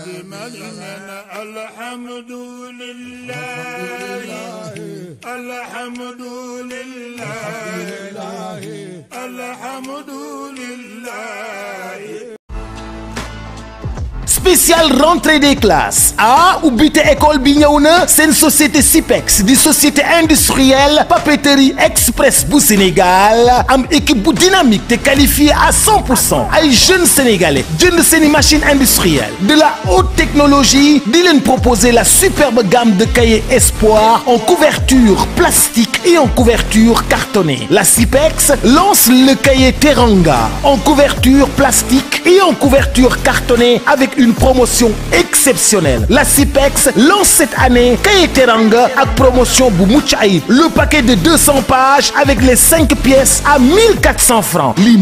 أجمعين الحمد لله الحمد لله الحمد لله spécial rentrée des classes ah ou école bi c'est une société CIPEX, une société industrielle papeterie express pour Sénégal une équipe dynamique te qualifiée à 100 pour sénégalais, jeunes sénégalais ces machines machine industrielle de la haute technologie di propose proposer la superbe gamme de cahiers Espoir en couverture plastique et en couverture cartonnée la CIPEX lance le cahier Teranga en couverture plastique et en couverture cartonnée avec une promotion exceptionnelle la CIPEX lance cette année Kayeteranga à promotion Boumouchaï. le paquet de 200 pages avec les 5 pièces à 1400 francs Li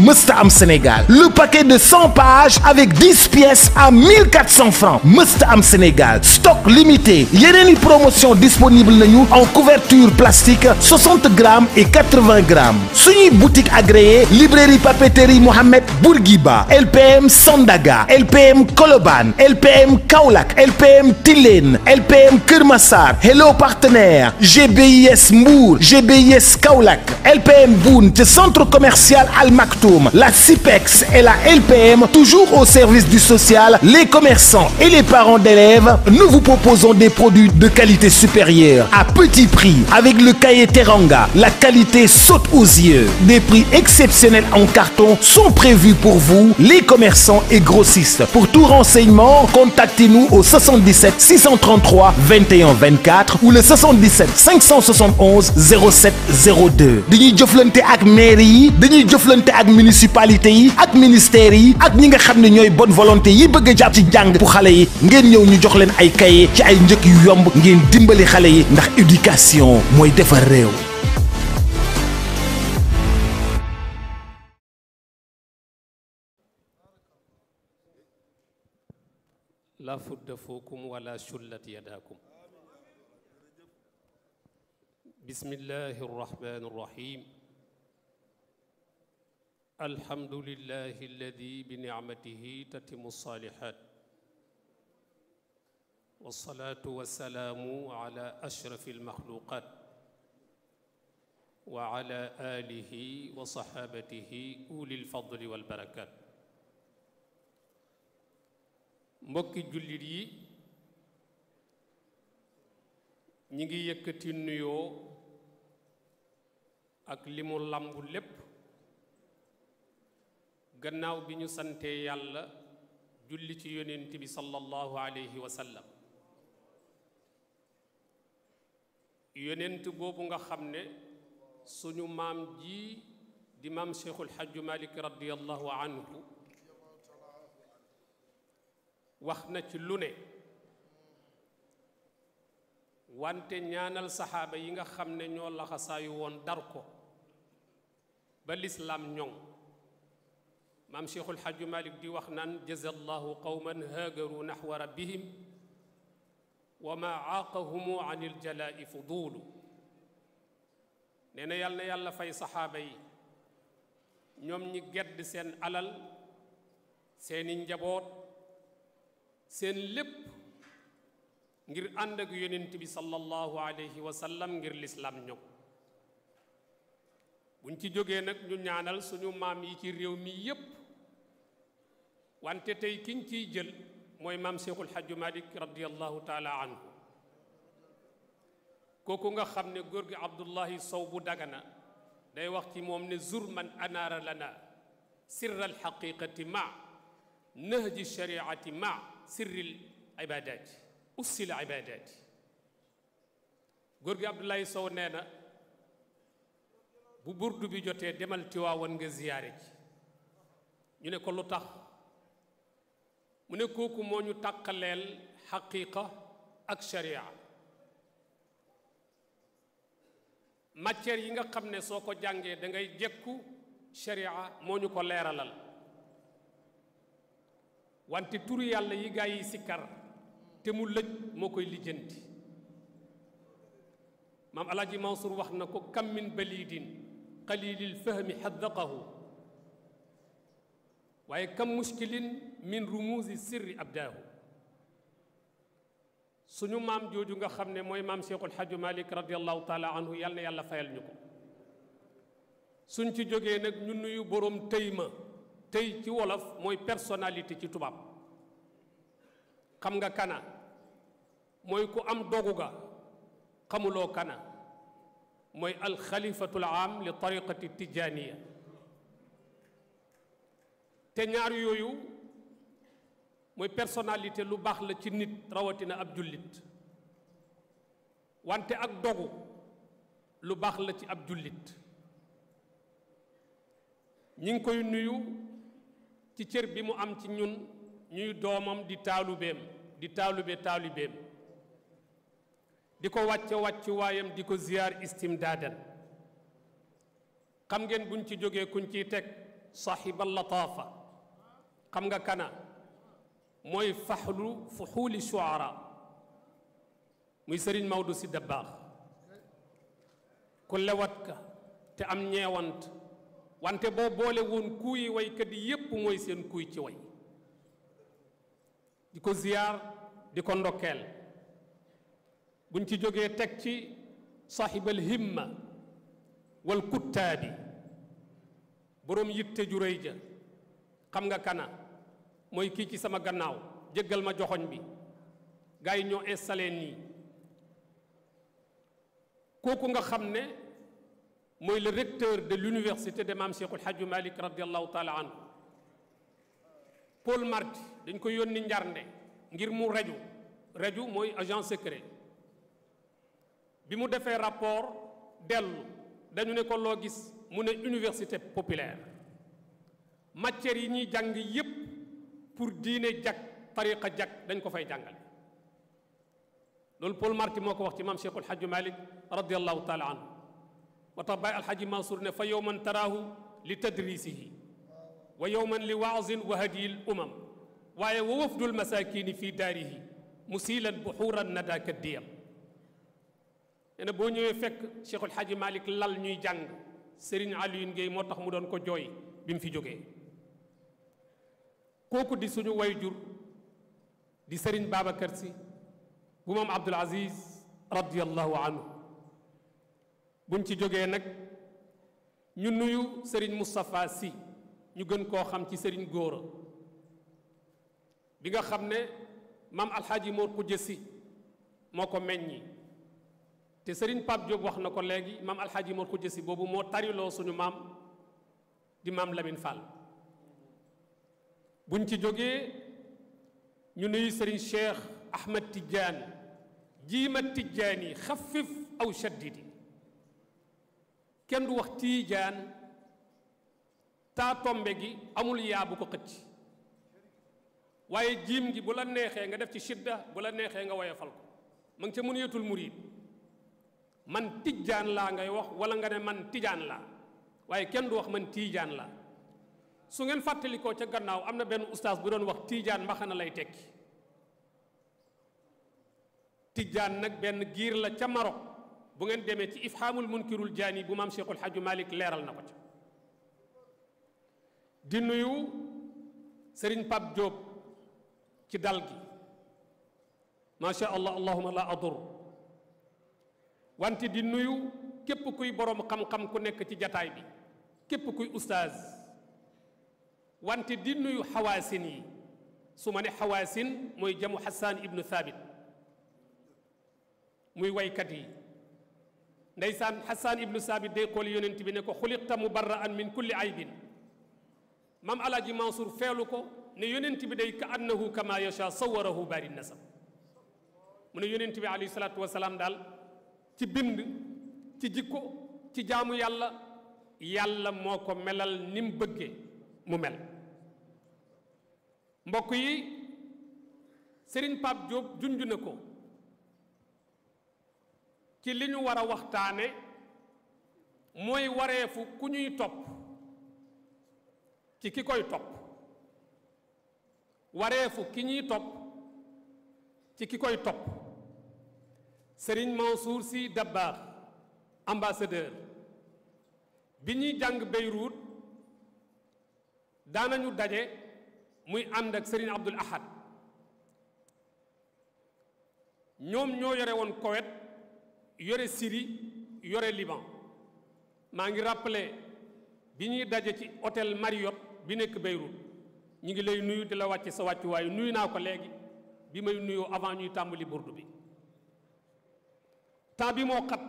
Sénégal le paquet de 100 pages avec 10 pièces à 1400 francs Mustam Sénégal stock limité une promotion disponible en couverture plastique 60 grammes et 80 grammes suñuy boutique agréée librairie papeterie Mohamed Bourguiba LPM Sandaga LPM color LPM KAULAK, LPM TILEN, LPM KURMASAR, Hello Partenaires, GBIS Mou, GBIS KAULAK, LPM Bount, centre commercial Al Maktoum la CIPEX et la LPM toujours au service du social les commerçants et les parents d'élèves nous vous proposons des produits de qualité supérieure à petit prix avec le cahier Teranga la qualité saute aux yeux des prix exceptionnels en carton sont prévus pour vous les commerçants et grossistes pour tout renseignement renseignements, contactez-nous au 77 633 21 24 ou le 77 571 07 02 dañuy jëflante ak mairie yi dañuy avec ak municipalité yi ak ministère yi ak ñi nga xam bonne volonté yi bëgg a ci jang pour xalé yi ngeen ñew ñu jox leen ay cahier ci ay njëkk yu yomb ngeen dimbali xalé yi ndax éducation moy réew لا فد فوقكم ولا شلت يداكم بسم الله الرحمن الرحيم الحمد لله الذي بنعمته تتم الصالحات والصلاة والسلام على أشرف المخلوقات وعلى آله وصحابته أولي الفضل والبركات mbokki jullit yi ñi ngi yëkkati nuyoo ak li mu lamb lépp gannaaw bi ñu santee yàlla julli ci yonent bi sallallahu alayhi wa sallam yonent boobu nga xam ne suñu maam ji di maam cheikhul hajju malik radiallahu anhu واخنا سي لوني وانت نيانال صحابه ييغا خامني ньо لاخا سايو وون داركو با الاسلام نيون مام شيخ الحاج مالك دي واخ نان جزا الله قوما هاجروا نحو ربهم وما عاقهم عن الجلاء فضول نينا يالنا يالا فاي صحابه يي نيوم ني گد سين علال سين نجابوت seen lépp ngir ànd ak yonent bi sallallahu alayhi wa sallam ngir lislaam ñëw buñ ci jógee nak ñu ñaanal suñu maam yi ci réew mi yépp wante tey kiñ ciy jël mooy maam Cheikhul hajj malik radiallahu taala anhu kooku nga xam ne góor gi Abdullahi Sow bu Dagana day wax ci moom ne zur man anaara lana sirra alxaqiqati ma nahji shariati ma sirril ibaadaat ussil ibaadaat góor gi Abdoulaye Sow nee na bu burdu bi jotee demal Tiwaawan nga ziyaare ji ñu ne ko lu tax mu ne kooku moo ñu tàqaleel xaqiiqa ak sharia matière yi nga xam ne soo ko jàngee dangay ngay jekku sharia moo ñu ko leeralal wante turu yàlla yi gaa yi sikkar te mu lëj moo koy lijjanti maam alaaji Mansour wax na ko kam min balidin qalil al fahmi xaddaqahu waaye kam mushkilin min rumuusi sirri abdahu suñu mam joju nga xamne moy mam cheikh al Hadj malik radiyallahu taala anhu yàlla yàlla fayal ñuko suñ ci joge nak ñun nuyu borom tëyma tey ci wolof mooy personnalité ci tubaab xam nga kana mooy ku am dogu ga xamuloo kana mooy alxalifatul am li tariqati tijaaniya te ñaar yooyu mooy personnalité lu baax la ci nit rawatina ab jullit wante ak dogu lu baax la ci ab jullit ñi ngi koy nuyu ci cër bi mu am ci ñun ñuy doomam di taalubeem di taalube taalubeem di ko wàcce wàccu waayam di ko ziyaar istimdaadan xam ngeen buñ ci jógee kuñ ciy teg sahibal lataafa xam nga kana mooy faxlu fuxuuli shuara muy sëriñ Maodo si Dabaax ku lewat ka te am ñeewant wante boo boole woon kuuyi waykat yi yépp mooy seen kuuy ci way di ko ziyaar di ko ndokkeel buñ ci jógee teg ci sahibal himma wal kuttaabi boroom yitte ju réy ja xam nga kana mooy kii ci sama gannaaw jéggal ma joxoñ bi gars yi ñoo installé nii kooku nga xam ne mooy le recteur de l'université de maam Cheikhul Hadj Malick radiallahu taala anhu Paul Marty dañ ko yónni njarnde ngir mu raju raju mooy agent secret bi mu defee rapport dellu dañu ne ko loo gis mu ne université populaire matières yi ñuy jàng yépp pour diine jag tariqa jag dañ ko fay jàngale loolu Paul Marty moo ko wax ci maam Cheikhul Hadj Malick radiallahu taala anhu وطبع الحاج منصور نفى يوما تراه لتدريسه ويوما لوعظ وهدي الامم ووفد المساكين في داره مسيلا بحور الندى كالديم انا يعني بو فك شيخ الحاج مالك لال ني جان سيرين علي نغي موتاخ مودون كو جوي بيم في جوغي كوكو دي سونو واي جور دي سيرين بابا كرسي ومام عبد العزيز رضي الله عنه buñ ci jógee nag ñu nuyu sëriñ Moustapha si ñu gën koo xam ci Serigne Góora bi nga xam ne maam alxaaji Mor Kujje Sy moo ko meññi te Serigne Pape Diop wax na ko léegi maam alxaaji Mor Kujje Sy boobu moo tariloo suñu maam di maam Lamine Fall buñ ci jógee ñu nuyu sëriñ Cheikh Ahmed Tidiane jiima Tidiane yi xafif aw shaddidi kenn du wax tiijaan ta tombe gi amul bu ko xecc waye jim gi bu la nexé nga def ci shidda bu la nexé nga woyofal ko ma ngi mun yetul murid man tijjaan la ngay wax wala nga ne man tijaan la waye kenn du wax man tiijaan la su ngeen fàttalikoo ci gannaaw amna ben oustaz bu doon wax mbaxana lay tekki nak ben giir la ca Maroc bu ngeen demee ci ifhaamul munkirul jaani bu maam Cheikhul Hadj Malick leeral na ko ci di nuyu sëriñ Pape Diop ci dal gi macha allah allahuma la adur wante di nuyu képp kuy borom xam-xam ku nekk ci jataay bi képp kuy ustaaz wante di nuyu xawaasin yi su ma ne xawaasin mooy jamu Hassan ibnu Thabit muy waykat yi ndeysaan xasaan ibnu saabit day xool yonent bi ne ko xuliqta mubarraan min kulli aybin mam alaaji mansour feelu ko ne yonent bi day ka annahu kama yacha sawarahu baari nasab mu ne yonent bi alayhi salaatu wasalaam daal ci bind ci jikko ci jaamu yàlla yàlla moo ko melal ni mu bëggee mu mel mbokk yi Serigne Pape Diop junj na ko ci li ñu war a waxtaane mooy wareefu ku ñuy topp ci ki koy topp wareefu ki ñuy topp ci ki koy topp Serigne Mansour si Dabakh ambassadeur bi ñuy jàng Beyrouth daanañu daje muy ànd ak Serigne Abdul Ahad ñoom ñoo yore woon kowet yore siri yore Liban maa ngi rappelé bi ñuy daje ci hôtel Marriott bi nekk Beyrouth ñu ngi lay nuyu di la wàcce sa wàccuwaayu nuyu naa ko léegi bi may nuyoo avant ñuy tàmbali burdu bi temps bi moo xat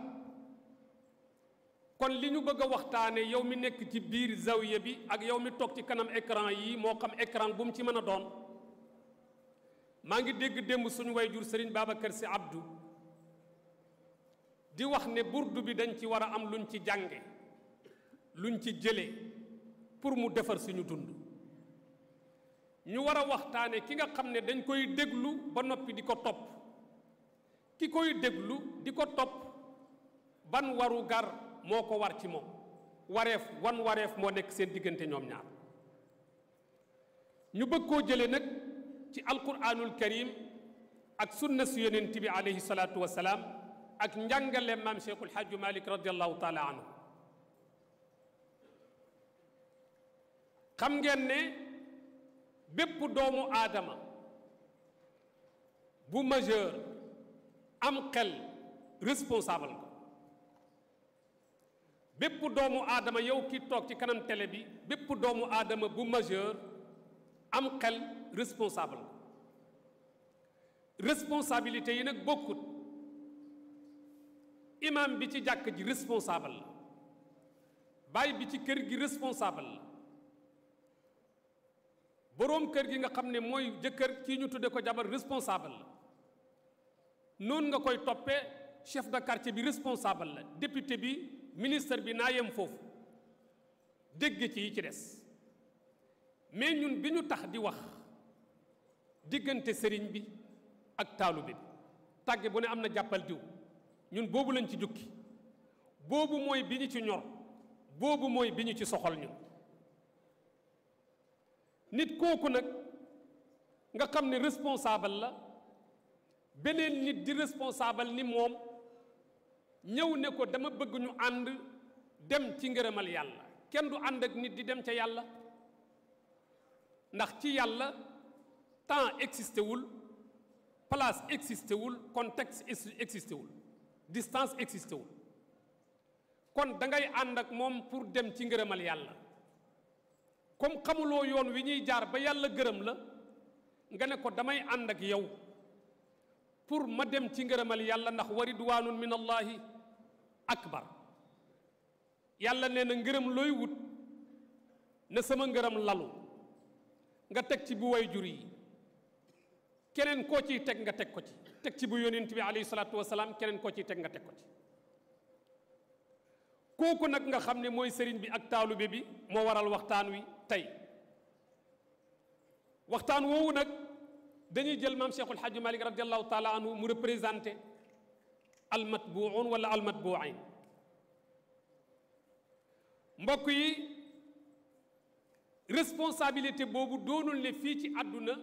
kon li ñu bëgg a waxtaane yow mi nekk ci biir zawiya bi ak yow mi toog ci kanam écran yi moo xam écran bu mu ci mën a doon maa ngi dégg démb suñu way jur Serigne Babacar si abdu di wax ne burdu bi dañ ci war a am luñ ci jànge luñ ci jëlee pour mu defar suñu dund ñu war a waxtaane ki nga xam ne dañ koy déglu ba noppi di ko topp ki koy déglu di ko topp ban waru gar moo ko war ci moom wareef wan wareef moo nekk seen diggante ñoom ñaar ñu bëgg koo jële nag ci alquranul karim ak sunna su yeneen bi aleyhi salaatu ak njàngale maam Cheikhul Hadj Malick radiallahu taala anhu xam ngeen ne bépp doomu aadama bu majeur am xel responsable ko bépp doomu aadama yow ki toog ci kanam tele bi bépp doomu aadama bu majeur am xel responsable ko responsabilité yi nag bokkut imam bi ci jàkk ji responsable la bàyyi bi ci kër gi responsable la boroom kër gi nga xam ne mooy jëkkër ci ñu tudde ko jabar responsable la noonu nga koy toppe chef de quartier bi responsable la député bi ministre bi naa yem foofu dégg ci yi ci des mais ñun bi ñu tax di wax diggante sëriñ bi ak taalu bi tàgge bu ne am na jàppal diw ñun boobu lañ ci jukki boobu mooy bi ñu ci ñor boobu mooy bi ñu ci soxal ñun nit kooku nag nga xam ne responsable la beneen nit di responsable ni moom ñëw ne ko dama bëgg ñu ànd dem ci ngërëmal yàlla kenn du ànd ak nit di dem ca yàlla ndax ci yàlla temps existé wul place existé wul contexte existé wul distance existé kon dangay ànd ak moom pour dem ci ngërëmal yàlla comme xamuloo yoon wi ñuy jaar ba yàlla gërëm la nga ne ko damay ànd ak yow pour ma dem ci ngërëmal yàlla ndax wa ridwaanun min allaahi akbar yàlla nee na ngërëm looy wut ne sama ngërëm lalu nga teg ci bu way jur yi keneen koo ciy teg nga teg ko ci tek ci bu yonent bi alayhi salaatu wasalaam keneen ko ci tek nga tek ko ci kooku nag nga xamne moy serigne bi ak talube bi mo waral waxtan wi tay waxtan woowu nak dañuy jël mam Cheikhul Hadji malik radiyallahu taala anhu mu representer al matbu'un wala al matbu'ain mbok yi responsabilité bobu donul ne fi ci aduna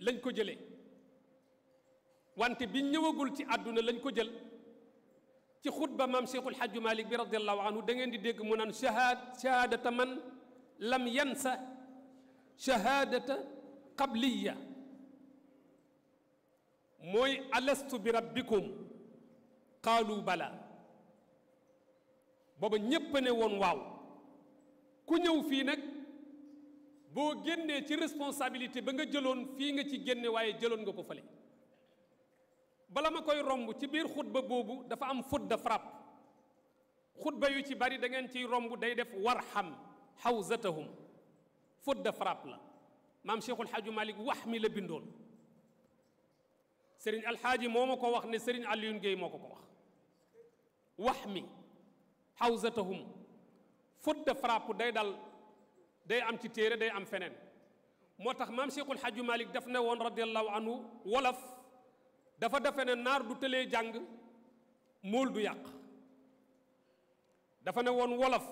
lañ ko jëlé وانت بين نيو غول تي ادونا لا نكو جيل تي خطبه مام شيخ الحاج مالك بن رضي الله عنه دا نين دي ديغ مونان شهاد شهاده من لم ينسى شهاده قبليه موي الست بربكم قالوا بلا بابا نيب ني وون واو كو نيو في نك بو генي تي ريسبونسابيلتي با نجا جيلون في نجا تي генي واي جيلون غاكو فالي bala ma koy romb ci biir xutba boobu dafa am faute de frappe xutba yu ci bari da ngeen ciy romb day def warham xawzatahum faute de frappe la maam Cheikhul Hadji Malick wax mi la bindoon Serigne Alxaaji moo ma ko wax ne Serigne Alioune Gueye moo ko ko wax wax mi xawzatahum faute de frappe day dal day am ci téere day am feneen moo tax maam Cheikhul Hadji Malick daf ne woon radiallahu anhu wolof dafa defe ne nar du télé jàng mool du yak dafa ne won wolof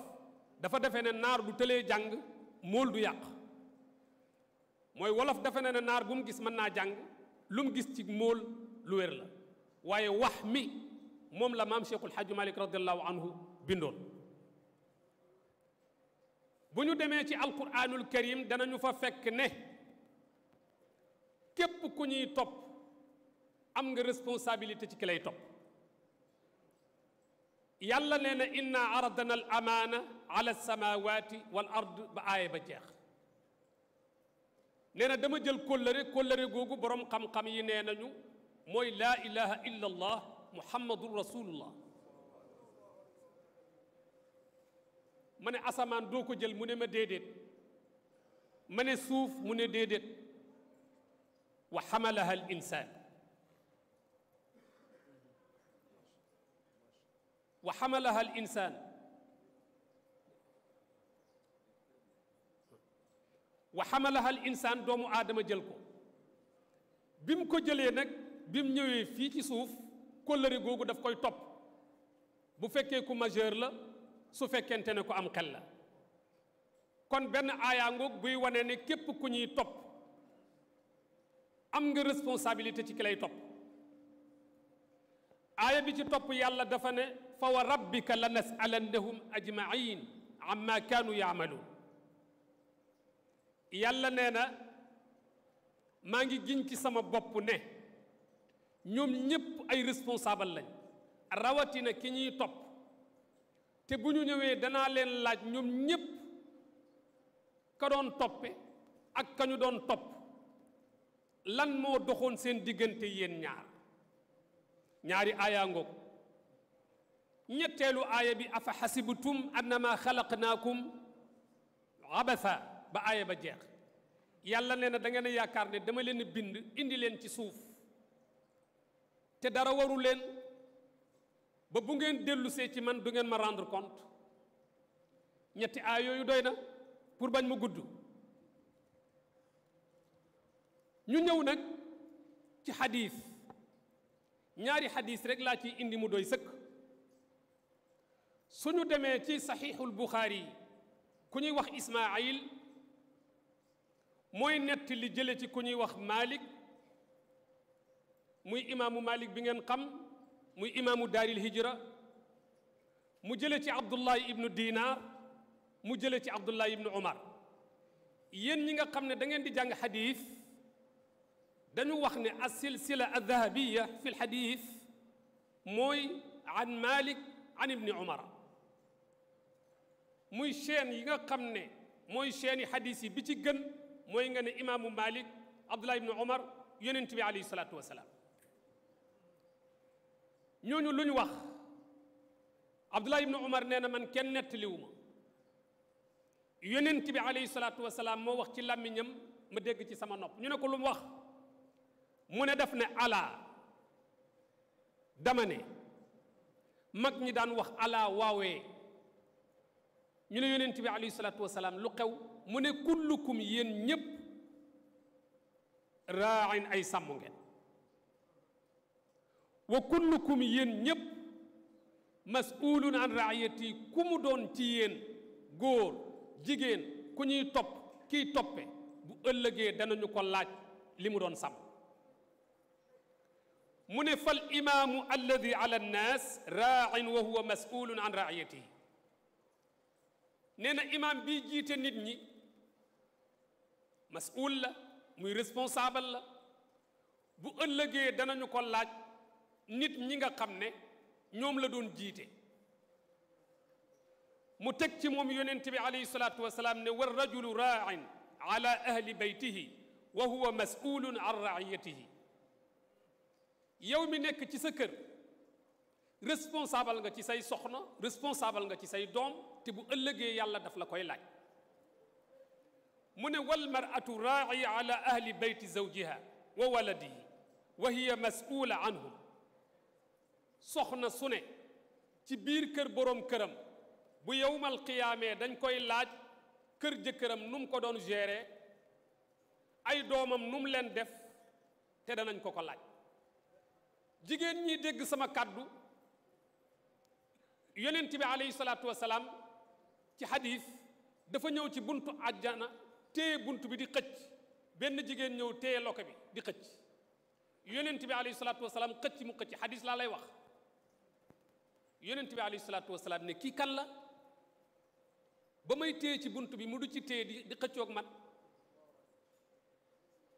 dafa defe ne nar du télé jàng mool du yak moy wolof dafa ne nar naar bu mu gis man na jàng lu mu gis ci mool lu wér la waye wahmi mom la mam Cheikhul Hadj malik radiyallahu anhu bindon bu ñu ci alquranul karim ñu fa fekk ne képp ku ñuy top am nga responsabilité ci ki lay topp yàlla neena inna aradna al amana ala samawati wal ard ba ay ba jeex neena dama jël kolere kolere gogu borom xam-xam yi neenañu moy la ilaha illa allah muhammadur rasulullah mané asaman do ko jël mune ma dedet mané souf mune dedet ne déedéet wa xamalaha al insaan wa xamalaha al insaan wa xamalaha al insaan doomu aadama jël ko bi mu ko jëlee nag bi mu ñëwee fii ci suuf kóllëre googu daf koy topp bu fekkee ku majeur la su fekkente ne ko am xel la kon benn aayaa buy wane ne képp ku ñuy topp am nga responsabilité ci ki lay topp aaya bi ci topp yàlla dafa ne فوربك لنسألنهم أجمعين عما كانوا يعملون yàlla nee na maa ngi giñ ci sama bopp ne ñoom ñépp ay responsable lañ rawatina ki ñuy topp te bu ñu ñëwee danaa leen laaj ñoom ñépp ka doon toppe ak ka ñu doon topp lan moo doxoon seen diggante yéen ñaar ñaari aayaa ngoog ñetteelu aaya bi afa xasibtum annama xalaqnaakum abatha ba aaya ba jeex yàlla nee na da ngeen a yaakaar ne dama leen bind indi leen ci suuf te dara waru leen ba bu ngeen dellusee ci man du ngeen ma rendre compte ñetti aaya yooyu doy na pour bañ ma gudd ñu ñëw nag ci xadiis ñaari xadiis rek laa ciy indi mu doy sëkk suñu demee ci saxiixul buxaari ku ñuy wax ismaayil mooy nett li jële ci ku wax malik muy imaamu malik bi ngeen xam muy imaamu daaril hijra mu jële ci abdullahi ibnu dinar mu jële ci abdullahi ibnu omar yéen ñi nga xam ne da ngeen di jàng xadiis dañu wax ne as silsila al dahabiya fi lxadiis mooy an malik an ibni omara muy chaîne yi nga xam ne mooy chaîne yi hadis yi bi ci gën mooy nga ne imaamu malik abdullah ibnu omar yonent bi alayhi salaatu wasalaam ñooñu lu ñu wax abdullah ibnu omar nee na man kenn nettaliwuma yonent bi alayhi salaatu wasalaam moo wax ci làmmiñam ma dégg ci sama nopp ñu ne ko lu mu wax mu ne def ne alaa dama ne mag ñi daan wax alaa waawee ñu ne yonent bi alayhi salaatu wasalaam lu xew mu ne kullukum yen ñep ra'in ay sàmm ngeen wa kullukum yen ñep mas'ulun an ra'iyati kumu don ci yen góor jigen ku ñuy top ki topé bu ëllëgee danañu ko laaj limu don sam mu ne fal imam alladhi ala an-nas ra'in wa huwa mas'ulun an ra'iyatihi nee imam imaam bii jiite nit ñi mas'ul la muy responsable la bu ëllëgee danañu ko laaj nit ñi nga xamné ñom la doon jité mu tek ci mom yonent bi alayhi salaatu wasalaam ne war rajulu raain ala ahli baytihi wa huwa mas'ulun an raiyatihi yow mi nekk ci sa kër responsable nga ci say soxna responsable nga ci say dom te bu ëllëgee yàlla daf la koy laaj mu ne wal maratu raaci ala ahli beyti zawjiha wa waladihi wa hiya mas'ula anhum soxna su ne ci biir kër boroom këram bu yowmal qiyaamee dañ koy laaj kër jëkkëram nu ko doon gérer ay doomam nu leen def te danañ ko ko laaj jigéen ñi dégg sama kàddu yonent bi alayhi salaatu wasalaam ci xadiis dafa ñëw ci buntu àjjana téye bunt bi di xëcc benn jigéen ñëw téye loke bi di xëcc yonent bi alayhi salaatu wasalaam xëcc mu xëcc xadiis laa lay wax yonent bi alayhi salaatu wasalaam ne kii kan la ba may téye ci bunt bi mu du ci téye di di man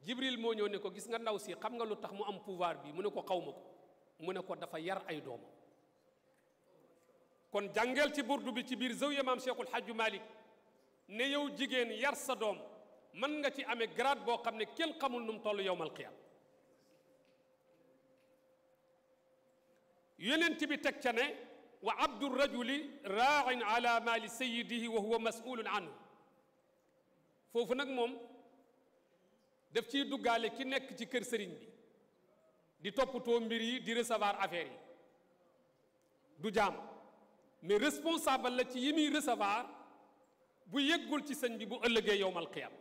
jibril moo ñëw ne ko gis nga ndaw si xam nga lu tax mu am pouvoir bii mu ne ko xaw ma ko mu ne ko dafa yar ay doom kon jàngeel ci burdu bi ci biir zawiya maam Cheikhul Hadj Malick ne yow jigéen yar sa doom mën nga ci amee grade boo xam ne kenn xamul nu mu toll yowmal qiyaam yonent bi teg ca ne wa abdu rajuli raain ala maali sayidihi wa huwa masulun anhu foofu nag moom def ci duggaale ki nekk ci kër sëriñ bi di toppatoo mbir yi di recevoir affaire yi du jaam mais responsable la ci yimi recevoir bu yëggul ci sëñ bi bu ëllëgee yowmal qiyam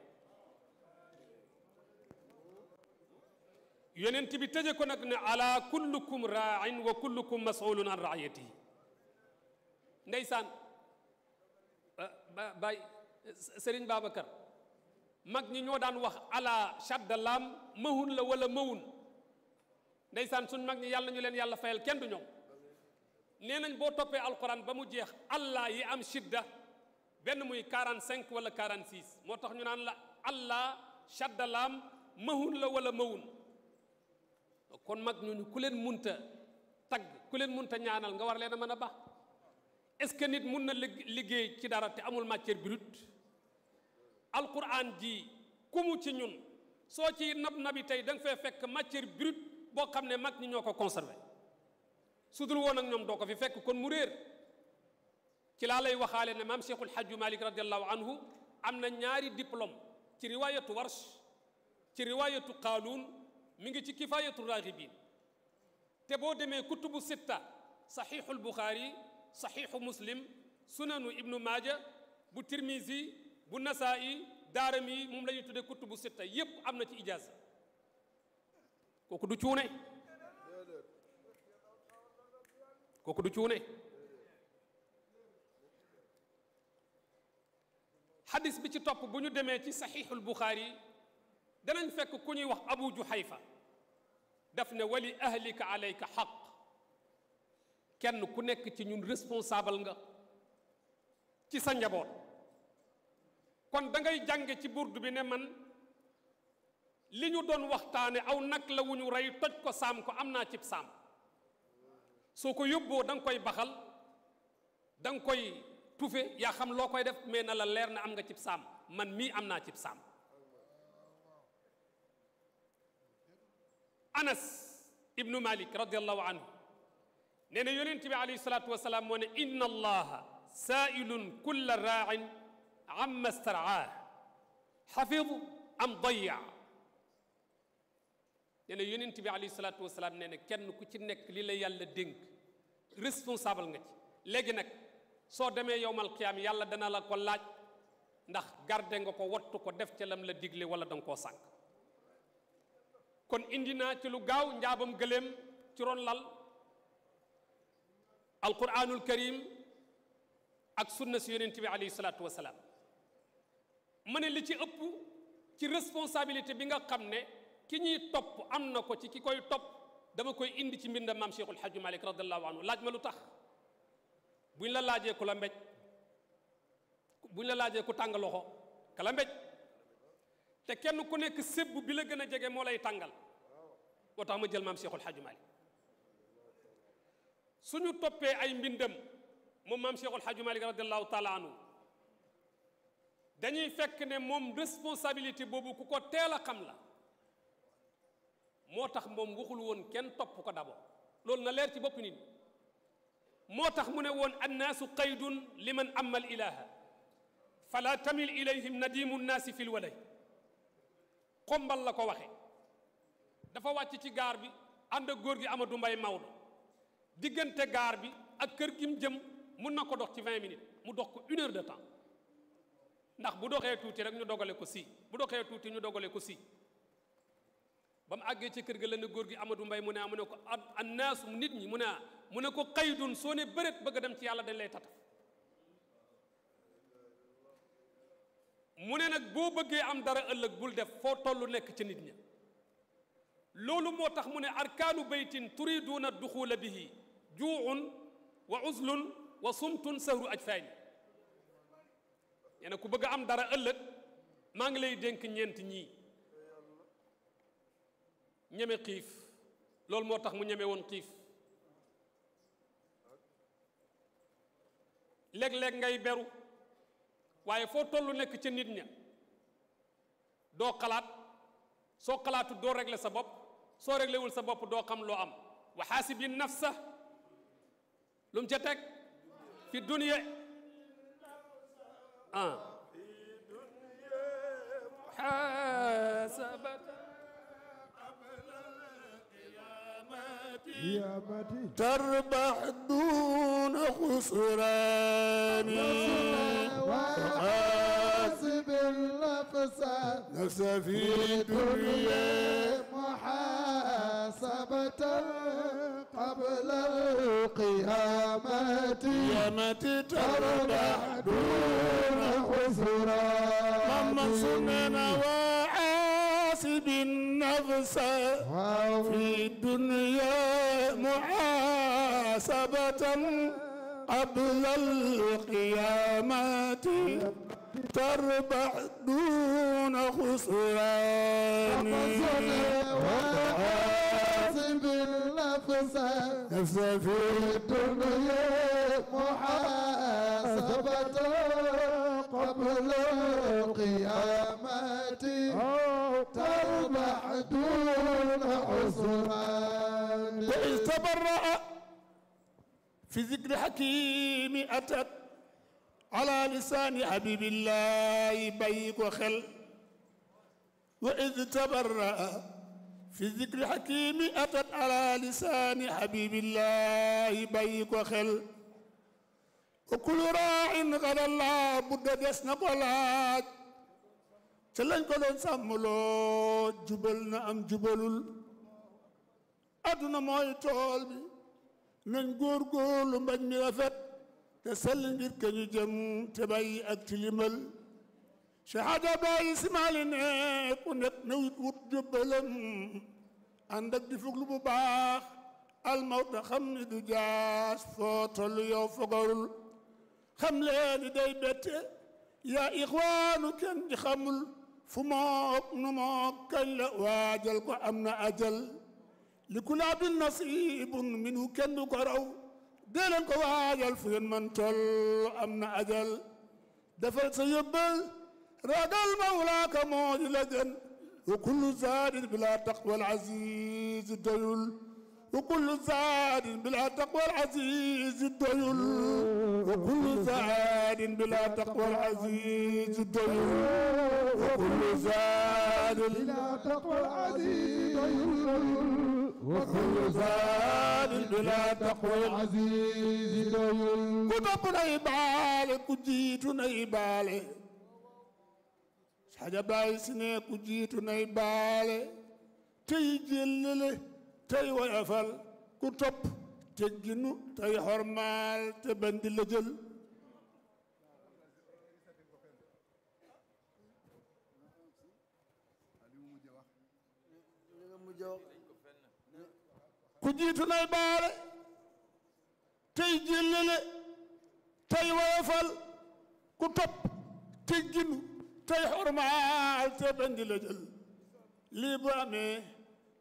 yonent bi tëje ko nak ne ala kullukum ra'in wa kullukum masulun an ra'yati ndaysan bay serigne babakar mag ñi ñoo daan wax ala shadda lam mahun la wala mahun ndaysan suñ mag ñi yàlla ñu leen yàlla fayal kenn du ñoo nee nañ boo toppee alquran ba mu jeex allah yi am shidda benn muy 45 wala 46 moo tax ñu naan la allah shadda laam mahun la wala mawun kon mag ñu ku leen munta tagg ku leen munta ñaanal nga war leen a mën a baax est-ce que nit mun na liggéey ci dara te amul matière brute alquran ji kumu ci ñun soo ci nab nabi tey da nga fee fekk matière brute boo xam ne mag ñi ñoo ko conservé su dul woon ak ñoom doo ko fi fekk kon mu réer ci laa lay waxaale ne maam Cheikhul Hajju Malik radiallahu anhu am na ñaari diplôme ci riwaayatu warsh ci riwaayatu qaaluun mi ngi ci kifaayatu raagibin te boo demee kutubu sitta saxiixul buxaari saxiixu muslim sunanu ibn majah bu tirmisi bu nasaa'i daarami moom la ñuy tuddee kutubu sitta yépp am ci ijaaza kooku du cuune kooku du cuune xadis bi ci topp bu ñu demee ci saxiixul buxaari danañ fekk abu juhayfa daf ne wali ahlika alayka xaq kenn ku nekk ci ñun responsable nga ci sa njaboot kon da ngay jànge ci soko yobbo dang koy baxal dang koy tufe ya xam lo koy def mais na la leer na am nga ci sam man mi amna ci sam anas ibn malik radiyallahu anhu nee yonent bi alayhi salatu wassalam mo ne inna allaha saailun kulla raacin amma staraaah xafidu am dayaa te la yonent bi alayhi salaatu wasalaam nee na kenn ku ci nekk li la yàlla dénk responsable nga ci léegi nag soo demee yowmal qiyaam yàlla dana la ko laaj ndax garde nga ko wattu ko def ca lam la digle wala danga koo sànk kon indi ci lu gaaw njaabam gëléem ci ron lal alquranul karim ak sunna si yonent bi alayhi salaatu wasalaam ma li ci ëpp ci responsabilité bi nga xam كيني توب ام نكو كي كوي توب دا ما كوي اندي تي مبند مام شيخ الحاج مالك رضي الله عنه لاج ما لوتاخ بوين لا لاجي كولا ميت بوين لا لاجي كو تانغ لوخو كلا ميت تي كين كو نيك سيب بي لا گنا جيغي مولاي تانغال وتا ما جيل مام شيخ الحاج مالك سونو توبي اي مبندم موم مام شيخ الحاج مالك رضي الله تعالى عنه dañuy fekk ne moom responsabilité boobu ku motax mom waxul won ken top ko dabo lol na leer ci bop nit motax muné won ne qaidun liman amma al ilaha fala tamil ilayhim nadimu nas fil walay qombal lako waxe dafa wàcc ci gar bi ànd ak góor gi Amadou mbay mawdu digeunte gar bi ak keur gi mu jëm mun nako dox ci 20 minutes mu dox ko 1 heure de temps ndax bu doxé touti rek ñu dogale ko si bu doxé touti ñu dogale ko si bam agge ci kër ga la ne góor gi Amadou mbay mu ne ko annas nit ñi mu muné ko qaydun soo bëret bëgg dem ci yàlla dañ lay tataf muné nak bo bëggé am dara ëlëk bul def fo tollu nek ci nit ñi lolu motax muné arkanu baytin turiduna duxuula bihi ju'un wa uzlun wa sumtun sahru ajfaani yana ku bëgg am dara ëlëk ma ngi lay dénk ñent ñi ñeme xiif lool moo tax mu ñeme woon xiif léeg-léeg ngay beru waaye foo tollu nekk ca nit ña doo xalaat soo xalaatu doo régler sa bopp soo réglewul sa bopp doo xam loo am wa xaasib yi nafsa lu mu ca teg fi dunya ah تربح دون خسران وحاسب النفس نفس في الدنيا محاسبة قبل القيامة قيامة تربح دون خسران من سنن واحسب النفس في الدنيا محاسبة قبل القيامة تربح دون خسران وتحاسب النفس نفس في الدنيا محاسبة قبل القيامة في ذكر حكيم أتت على لسان حبيب الله بيك وخل وإذ تبرأ في ذكر حكيم أتت على لسان حبيب الله بيك وخل وكل راع غدا الله بد des na ko laaj ca lañ ko doon adduna mooy tool bi nañ góorgóorlu mbañ mi rafet te sell ngir ke ñu jëm te bàyyi ak tilimal shahada bàyyi simaali ne ku nekk na wit wut jubbalam ànd ak di fuglu bu baax almawta xam ni du jaas foo toll yow fogarul xam leen ni day bette yaa ixwaanu kenn di xamul fu mook nu mook kañ la waajal ko am na ajal لكل عبد نصيب منه كن قرأو ديلن كو عجل فين من تل أمن أجل دفل سيبل رد المولى كموج لجن وكل زاد بلا تقوى العزيز الديل وكل زاد بلا تقوى العزيز الديل وكل زاد بلا تقوى العزيز الديل وكل زاد بلا تقوى العزيز الديل وكل زاد بلا تقوى العزيز دوم كتب نيبال كجيت نيبال حاجة بايس ني كجيت نيبال تي جلل تي ويفل كتب تجنو تي حرمال تبندل جل ku jiitu nay baale tey jëllale tey woyofal ku topp tey ginu tey xormaal te bañ di la jël lii bu amee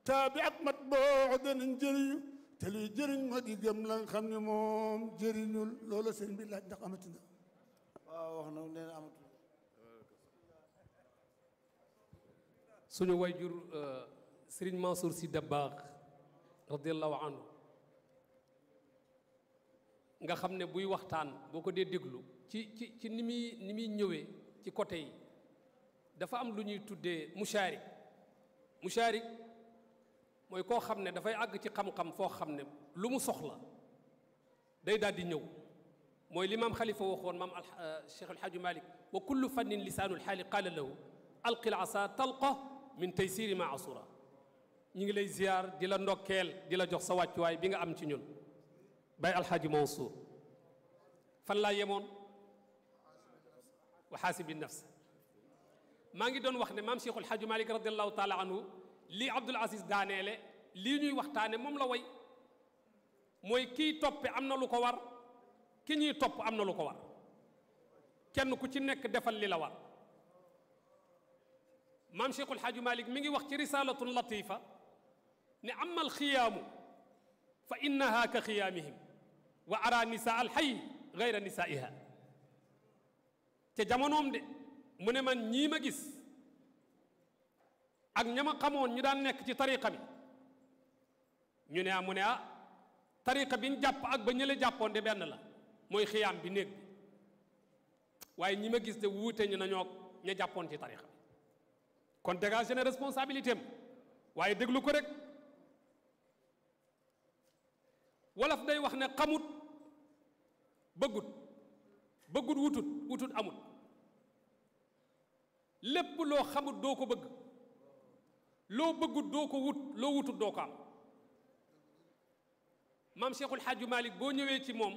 taabi ak mat boo danañ jëriñu te luy jëriñ moo di gëm la nga xam ne moom jëriñul loolu sëñ bi laaj ndax amati na waaw wax na nee na amatu suñu wayjur Serigne Mansour Sy Dabakh رضي الله عنه nga xamne buy waxtaan boko de déglu ci ci ci nimi nimi ñëwé ci côté yi dafa am lu ñuy tuddé mushaarik mushaarik moy ko xamne da fay ag ci xam-xam fo xamne lu mu soxla day daal di ñëw moy li maam xalifa waxoon maam al cheikh al hadji malik wa kullu fannin lisaanu hal qala lahu alqi al asa talqa min taysir ma asura ñu ngi lay ziar di la ndokkel di la jox sa way bi nga am ci ñun bay alxaaji Mansour fan la yemon wa xaasibi nafs ma ngi don wax ne mam Cheikhul Xaaji Malik radiyallahu taala anhu li Abdul Aziz danele li ñuy waxtane mom la way moy ki toppe amna na lu ko war ki ñuy top amna lu ko war kenn ku ci nek defal li la war mam Cheikhul Xaaji Malik mi ngi wax ci risalatul latifa نعم الخيام فإنها كخيامهم وأرى نساء الحي غير نسائها تجمعهم دي من من نيما جس أك نيما قمون ندان نك تي طريقة مي نيني أمونيا طريقة بين جاب أك بنيلي جابون دي بيان الله موي خيام بنيك waye ñima gis de wuté ñu nañu ña jappon ci tariika kon dégagé na responsabilité waye déglu ko rek wolof day wax ne xamut bëggut bëggut wutut wutut amut lépp loo xamut doo ko bëgg loo bëggut doo ko wut loo wutut doo ko am maam Cheikhul Hadji Malick boo ñëwee ci moom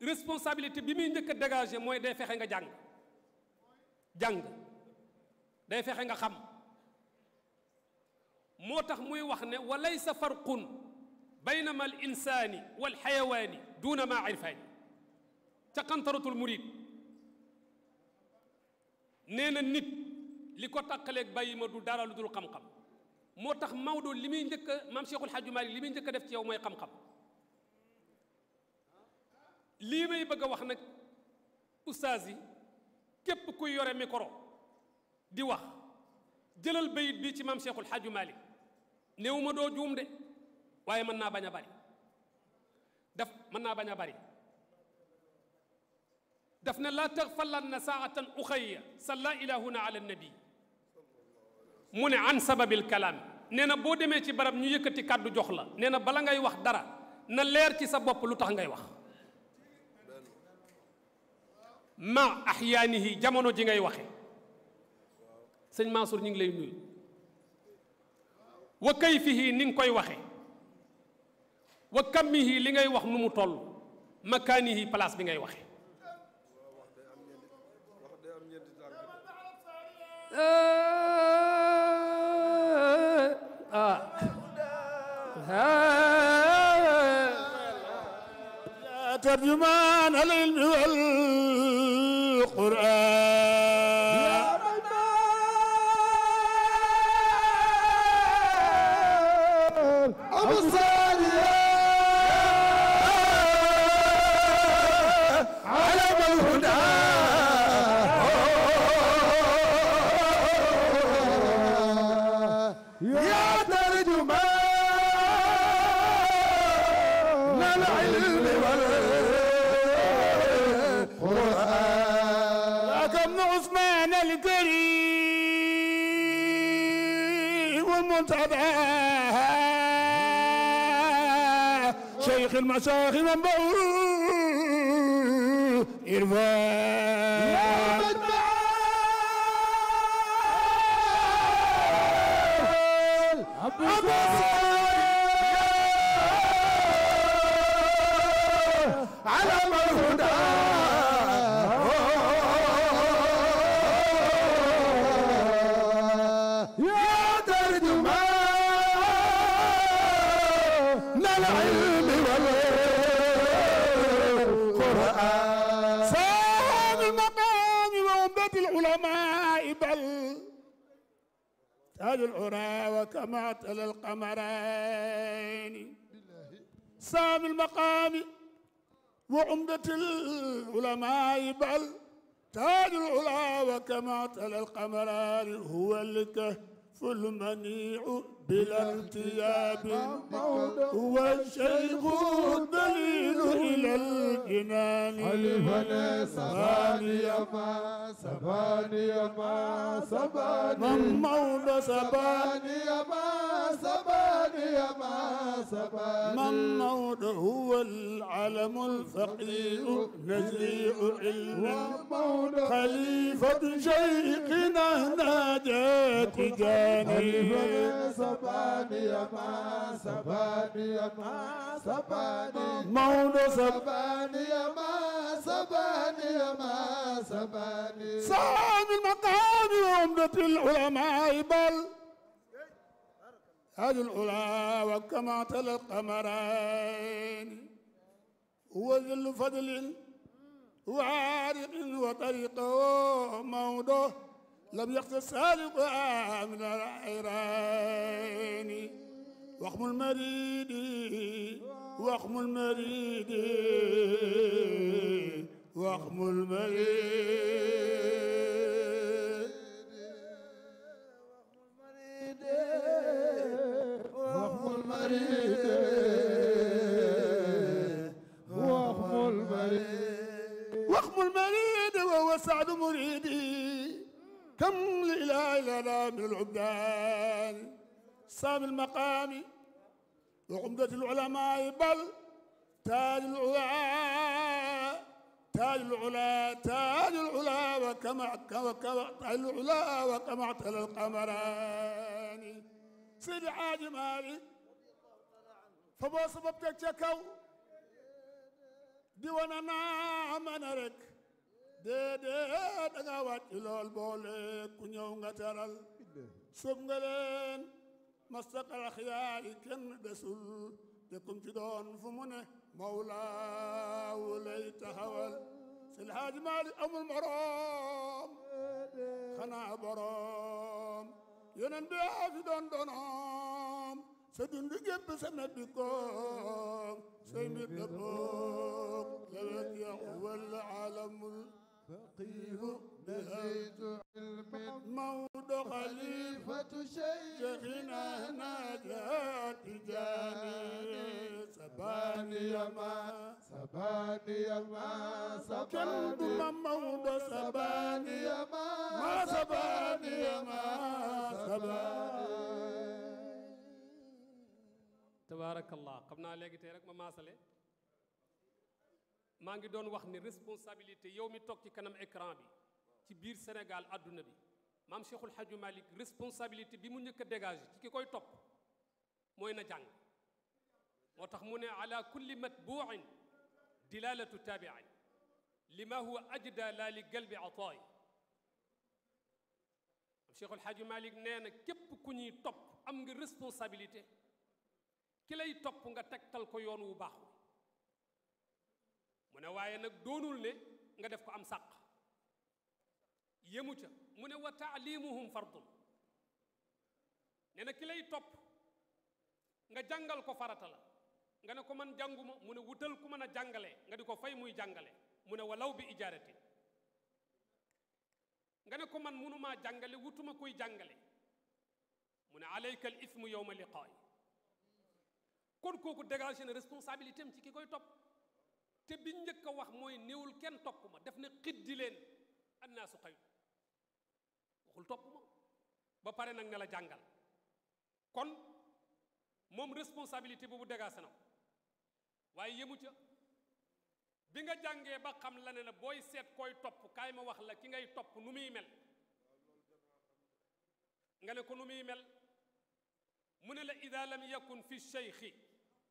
responsabilité bi muy njëkk a dégager mooy day fexe nga jàng jàng day fexe nga xam moo tax muy wax ne walay sa farqun بينما الإنسان والحيوان دون ما عرفان تقنطرة المريد نين النت لكو تقلق باي ما دارا لدو القمقم موتخ مودو لمي نجك مام شيخ الحاج مالي لمي نجك دف تيو موي قمقم لي ماي بغا واخ استاذي كيف كو يوري ميكرو دي واخ جلال بيت بيتي تي الحاج مالي نيو مدو جوم دي waaye mën naa bañ a bari daf mën naa bañ a bari daf ne laa taxfalanna saatan uxayya salla ilahuna ala nabi mu ne an sababil kalaam nee na boo demee ci barab ñu yëkkati kàddu jox la nee na bala ngay wax dara na leer ci sa bopp lu tax ngay wax ma axyaanihi jamono ji ngay waxe sëñ Mansour ñu ngi lay nuyu wa kayfihi ni koy waxe wa kammihi li ngay wax nu mu toll makaanihi place bi ngay waxe ترجمان العلم والقرآن المشايخ منبع إرفاق تاج العرى وكما تل القمرين سام المقام وعمدة العلماء بل تاج العلا وكما تل القمران هو الكهف المنيع بلا ارتياب هو الدليل إلى الجنان حلفنا سباني ما سباني ما سباني ما مولى سباني ما سباني ما سباني ما مولى هو العلم الفقير نزيع علم خليفة شيخنا ناجى تجاني سباني ما سباني ما سباني مولو سباني ما سباني ما سباني سلام المقام عمدة العلماء بل هذه العلا وكما تلا القمرين هو ذل فضل وعارق وطريقه موضوع لم يقتل من العيران وقم المريد وخم المريد وخم المريد وخم المريد وخم المريد وخم المريد وهو سعد مريدي كم لإله إلا من العبدان سام المقام وعمدة العلماء بل تاج العلا تاج العلا تاج العلا وكما وكما تاج العلا وكما اعتلى القمران سيد حاج مالك فبوصف بتكتكو ديوانا نعم نرك déedéet da ngaa wàcc lool boole ku ñëw nga teral sëb nga leen mastakal xiyaar yi kenn desul te kum ci doon fu mu ne mawlaawu lay taxawal sil haaji maali amul moroom xanaa boroom yonent bi yaa fi doon doonoom sa dundu gépp sa mebbi koom say mbir dëppoog lawet ya wal alamul فقيه نزيد علم موضع خليفة شيخنا نادى تجاني سباني يا ما سباني ما سباني ما سباني يا ما سباني ما سباني تبارك الله قبنا عليك تيرك ما ماسله mangi don wax ni responsabilité yow mi tok ci kanam écran bi ci biir Sénégal aduna bi mam Cheikhul hadj malik responsabilité bi mu ñëk dégager ci ki koy topp mooy na jàng motax mu ne ala kulli matbuin dilalatu taabiin lima huwa ajda la li qalbi atay maam Cheikhul hadj malik neena kep ku ñi top am nga responsabilité ki lay topp nga tektal ko yoon wu baax mune waaye nag doonul ne nga def ko am sàq yemu ca mu ne wa taalimuhum fardun nee na ki lay topp nga jàngal ko farata la nga ne ko man jànguma mu ne wutal ku mën a jàngale nga di ko fay muy jàngale mu ne walaw bi ijaarati nga ne ko man mënumaa jàngale wutuma kuy jàngale mu ne alayka al ismu yowma liqaay kon kooku dégagé na responsabilité am ci ki koy topp te bi njëkk a wax mooy néewul kenn topp ma def na xiddi leen annaasu xayru waxul topp ma ba pare nag ne la jàngal kon moom responsabilité boobu dégase na waaye yemu ca bi nga jàngee ba xam la ne la booy seet koy topp kaay ma wax la ki ngay topp nu muy mel nga ne ko nu muy mel mu ne la ida lam yakun fi cheikhi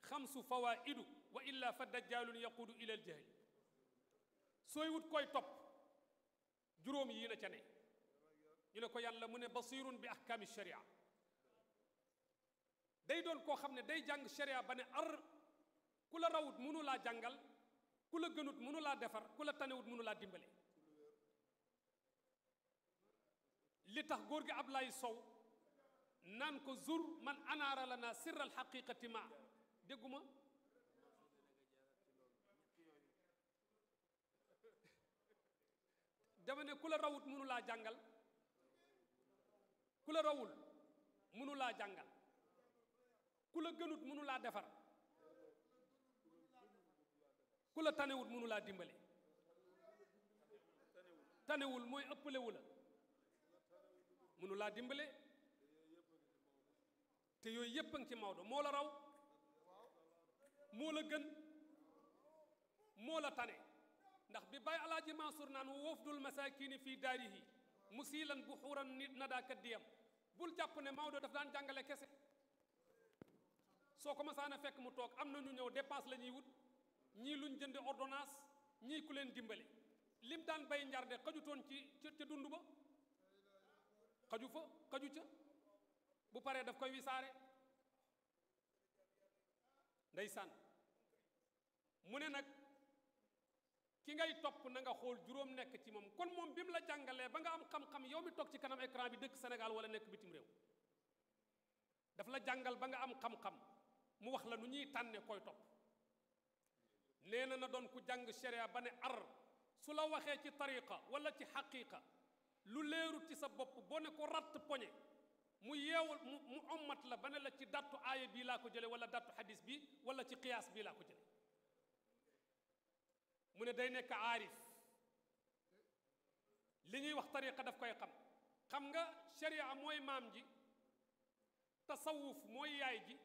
xamsu fawaidu وإلا illa fa dajjaalun yaquudu ilal jahli sooy wut koy topp juróom yii na ca ñu ko yàlla mu basirun bi ahkaami sharia day doon koo xam ne day jàng sharia ba ne ar ku la rawut mënu laa jàngal ku la gënut mënu laa defar ku la tanewut mënu laa dimbale li tax góor gi Ablaye Sow naan ko zur man anaara lana sirral haqiqati ma dégguma dafa ne ku la rawut mënu laa jàngal ku la rawul mënu laa jàngal ku la gënut mënu laa defar ku la tanewut mënu laa dimbale tanewul mooy ëppalewu la mënu laa dimbale te yooyu yépp a ngi ci Maodo moo la raw moo la gën moo la tane ndax bi bàyyi alaaji Mansour naan kii ni fii daarihi musilan bu xuuran nit na daa kaddiyam bul jàpp ne Maodo daf daan jàngale kese soo ko masaana fekk mu toog am na ñu ñëw dépense la ñuy wut ñii luñ jënd ordonnance ñii ku leen dimbale lim daan bay njarde xajutoon ci ca dund ba xaju fa xaju ca bu paree daf koy wisaare ndeysaan mu ne nag ki ngay topp na nga xool juróom nekk ci moom kon moom bi mu la jàngalee ba nga am xam-xam yow mi toog ci kanam écran bi dëkk Sénégal wala nekk bitim réew daf la jàngal ba nga am xam-xam mu wax la nu ñuy tànne koy topp nee na na doon ku jàng sharia ba ne ar su la waxee ci tariqa wala ci xaqiqa lu leerut ci sa bopp boo ne ko ratt poñe mu yeew mu ommat la ba ne la ci dattu aaya bii laa ko jële wala dattu xadis bi wala ci qiyaas bii laa ko jële mu ne day nekk aarif li ñuy wax tariqa daf koy xam xam nga sharia mooy maam ji tasawuf mooy yaay ji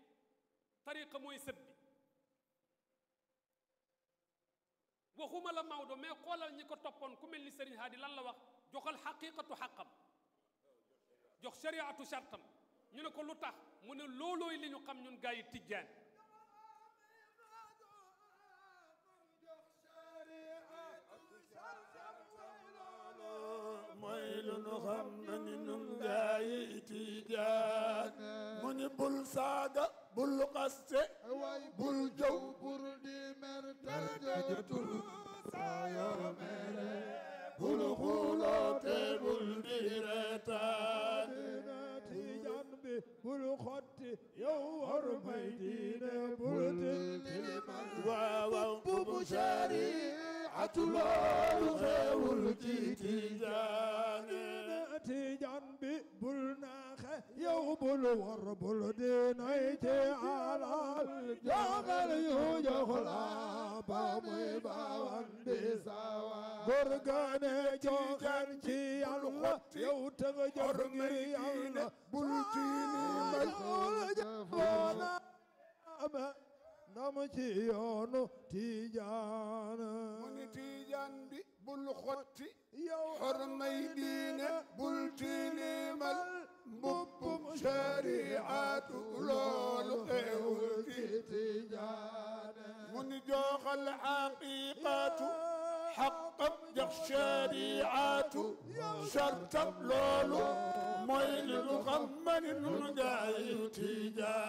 tariqa mooy sët bi waxuma la Maodo mais xoolal ñi ko toppoon ku mel ni Serigne Hadi lan la wax joxal xaqiqatu xaqam jox shariatu shartam ñu ne ko lu tax mu ne loolooy li ñu xam ñun gaa yi tijjaan lu nu xam nani nun gaayi tiijaan mu ni bul saaga bul xaste bul jow bul di mer tarjatul saa yoo mere bul xuuloote bul di reetaan tiijaan bi bul xotti yow war may diine bul til waaw waaw bu mu shaari atu loolu xewul ورب الدين ايتي على جاغل يوجو خلابا ميبا واندي سوا برغاني جوغان جي الوقت يوتغ جرمي الله بلتيني مجهول جفونا nam ci yoonu tijaan mu ni tijaan bi bul xotti yow xormay diine bul tilimal mbubbum shari'atu loolu xewul ci tijaane mu ni jooxal aqiqatu حق يخشاني عاتو شرطا لولو مويل الغمن نرجعيتي جا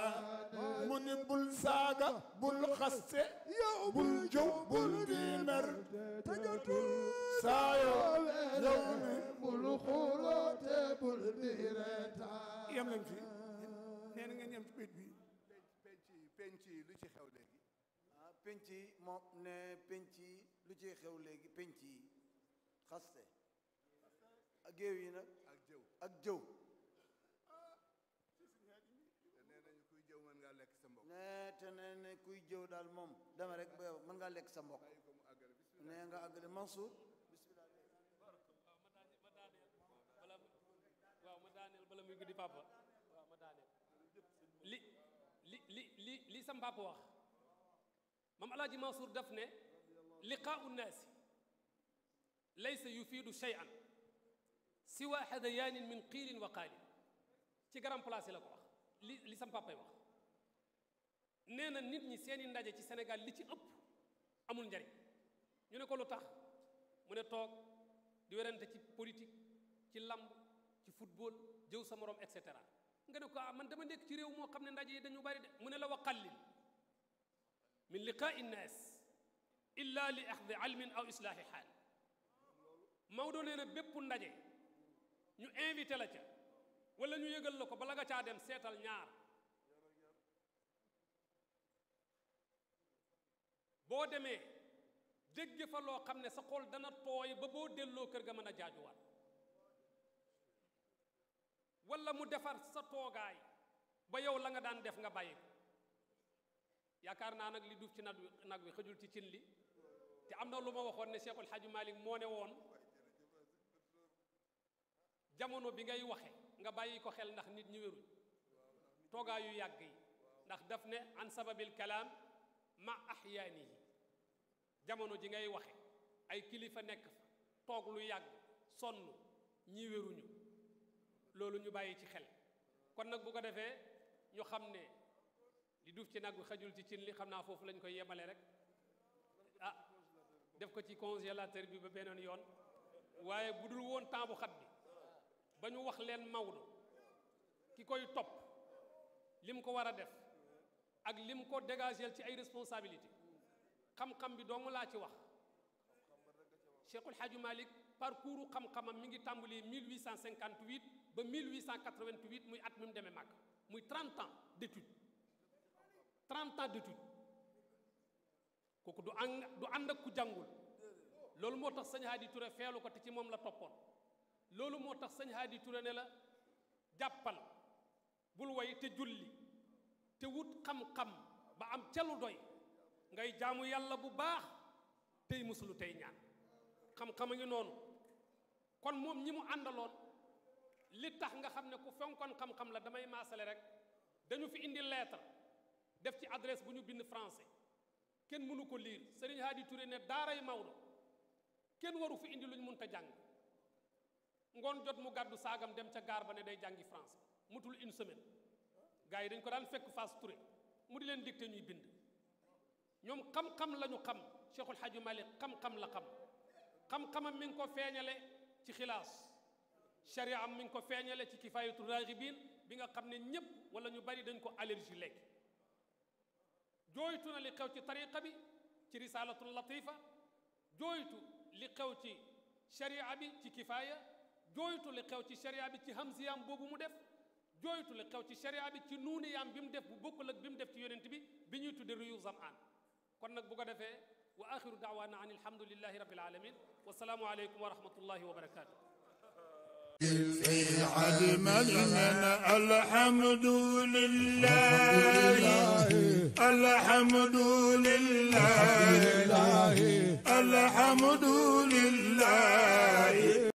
من بلساقة بلخسة يا بل جو بل دينر سايو يوم بلخورات بلديرتا يم لن في نين نين يم تبيت بي بنتي بنتي لوشي خولي آه، بنتي مو نه بنتي lu ciy xew léegi penc yi xaste ak géew yi nag ak jëw ak jëw nee kuy jëw mën ngaa lekk sa mbokk te nee ne kuy jëw daal moom dama rek ba yow mën ngaa lekk sa mbokk nee nga àggale Mansour bismillah li li li li li sa wax maam alaaji Mansour daf ne لقاء الناس ليس يفيد شيئا سوى حذيان من قيل وقال تي غرام بلاص لا كو لي سام باباي واخ نينا نيت ني سيني نداجي تي سينيغال لي تي اوب امول نجاري ني نكو لو تخ مو ني توك دي ورانتي تي بوليتيك تي لامب تي فوتبول جيو سامروم اكسترا nga ne ko ah man dama nekk ci réew moo xam ne ndaje yi dañu bari de mu ne la waqalil min liqa'i nnas illa li axdi almin aw islaahi xaal Maodo nee na bépp ndaje ñu invité la ca wala ñu yëgal la ko bala nga caa dem seetal ñaar boo demee dégg fa loo xam ne sa xol dana tooy ba boo delloo kër ga mën a jaajuwaat wala mu defar sa toogaay ba yow la nga daan def nga bàyyi ko yaakaar naa nag li duuf ci nag nag bi xëjul ci cin li te am na lu ma waxoon ne Cheikhul Hadji Malick moo ne woon jamono bi ngay waxe nga bàyyi ko xel ndax nit ñi wéruñ toogaa yu yàgg yi ndax daf ne an sababil kalaam ma ahyaani yi jamono ji ngay waxe ay kilifa nekk fa toog lu yàgg sonn ñi wéruñu loolu ñu bàyyi ci xel kon nag bu ko defee ñu xam ne di duuf ci nag bi xajul ci cin li xam naa foofu lañ koy yemale rek ah def ko ci congélateur bi ba beneen yoon waaye bu dul woon temps bu xat bi ba ñu wax leen Maodo ki koy topp lim ko war a def ak lim ko dégagel ci ay responsabilité xam-xam bi doomu laa ci wax Cheikhul Hadji malik parcours xam-xamam mi ngi tàmbali 1858 ba 1888 muy at mi mu demee mag muy 30 ans d'étude 30 ans d'études kooku du ànd du ànd ak ku jàngul loolu moo tax sëñ Hadi Touré feelu ko te ci moom la toppoon loolu moo tax sëñ Hadi Touré ne la jàppal bul woy te julli te wut xam-xam ba am ca doy ngay jaamu yàlla bu baax tey musulu tey ñaan xam-xam a ngi noonu kon moom ñi mu àndaloon li tax nga xam ne ku fonkoon xam-xam la damay maasale rek dañu fi indi lettre def ci adresse bu ñu bind français kenn mënu ko lire Serigne Hadi Touré ne daaray Maodo kenn waru fi indi luñ mënta jàng ngoon jot mu gàddu saagam dem ca gaar ba ne day jàngi français mutul une semaine gars yi dañ ko daan fekk Fass Touré mu di leen dicté ñuy bind ñoom xam-xam la ñu xam Cheikhul Hadji Malick xam-xam la xam xam-xamam mi ngi ko feeñale ci xilaas sharia am mi ngi ko feeñale ci kifayatul raghibin bi nga xam ne ñëpp wala ñu bari dañ ko allergie lekk جويتو نلقاوتي طريقة بي تي رسالة اللطيفة جويتو لقاوتي شريعة بي تي كفاية جويتو لقاوتي شريعة بي تي همزيان بوبو مدف جويتو لقاوتي شريعة بي تي نوني يام بمدف دف بوكو لك بمدف دف تي يورنت بي بنيوتو دي ريو زمان كون نك بوكو دفه وآخر دعوانا عن الحمد لله رب العالمين والسلام عليكم ورحمة الله وبركاته علم المنع الحمد لله الحمد لله الحمد لله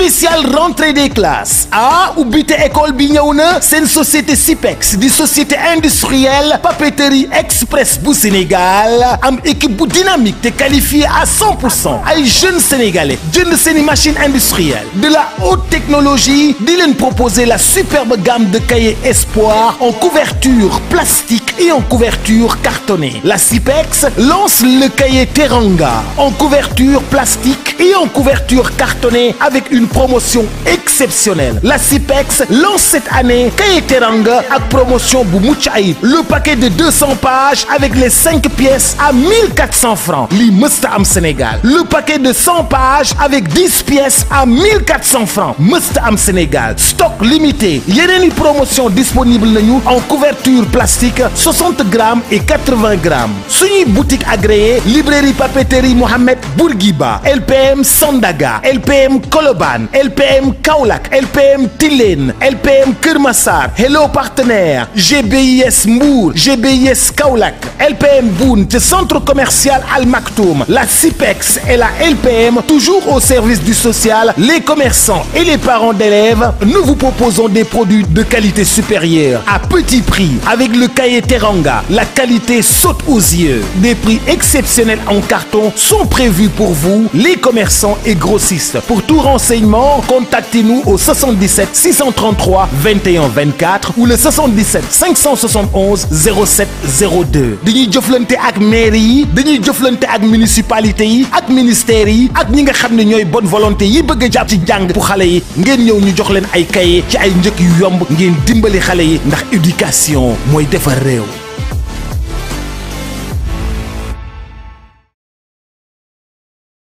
spécial rentrée des classes ah ou école bi c'est une société CIPEX, une société industrielle papeterie express pour Sénégal une équipe dynamique qualifiée à 100 à jeunes jeunes sénégalais jeune ces machine industrielle de la haute technologie di propose proposer la superbe gamme de cahiers Espoir en couverture plastique et en couverture cartonnée la CIPEX lance le cahier Teranga en couverture plastique et en couverture cartonnée avec une promotion exceptionnelle la CIPEX lance cette année Kayeteranga avec promotion Boumouchaï. le paquet de 200 pages avec les 5 pièces à 1400 francs Li Mustam Sénégal le paquet de 100 pages avec 10 pièces à 1400 francs Mustam Sénégal stock limité Il y une promotion disponible en couverture plastique 60 grammes et 80 grammes suñuy boutique agréée librairie papeterie Mohamed Bourguiba LPR LPM Sandaga LPM Koloban LPM Kaulak, LPM Tilen, LPM Kurmasar. Hello partenaires GBIS Mour, GBIS Kaulak, LPM Bount, centre commercial Al Maktoum la CIPEX et la LPM toujours au service du social les commerçants et les parents d'élèves nous vous proposons des produits de qualité supérieure à petit prix avec le cahier Teranga la qualité saute aux yeux des prix exceptionnels en carton sont prévus pour vous les commerçants et grossistes. Pour tout renseignement, contactez-nous au 77 633 21 24 ou le 77 571 07 02. dañuy jëflante ak mairie yi dañuy ak municipalité yi ak ministère, yi ak ñi nga xam bonne volonté yi bëgg a ci jang pour xalé yi ngeen ñew ñu jox leen ay cahier ci ay yu yomb ngeen dimbali xalé yi ndax éducation moy